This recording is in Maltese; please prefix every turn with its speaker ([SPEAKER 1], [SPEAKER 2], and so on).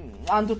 [SPEAKER 1] għandu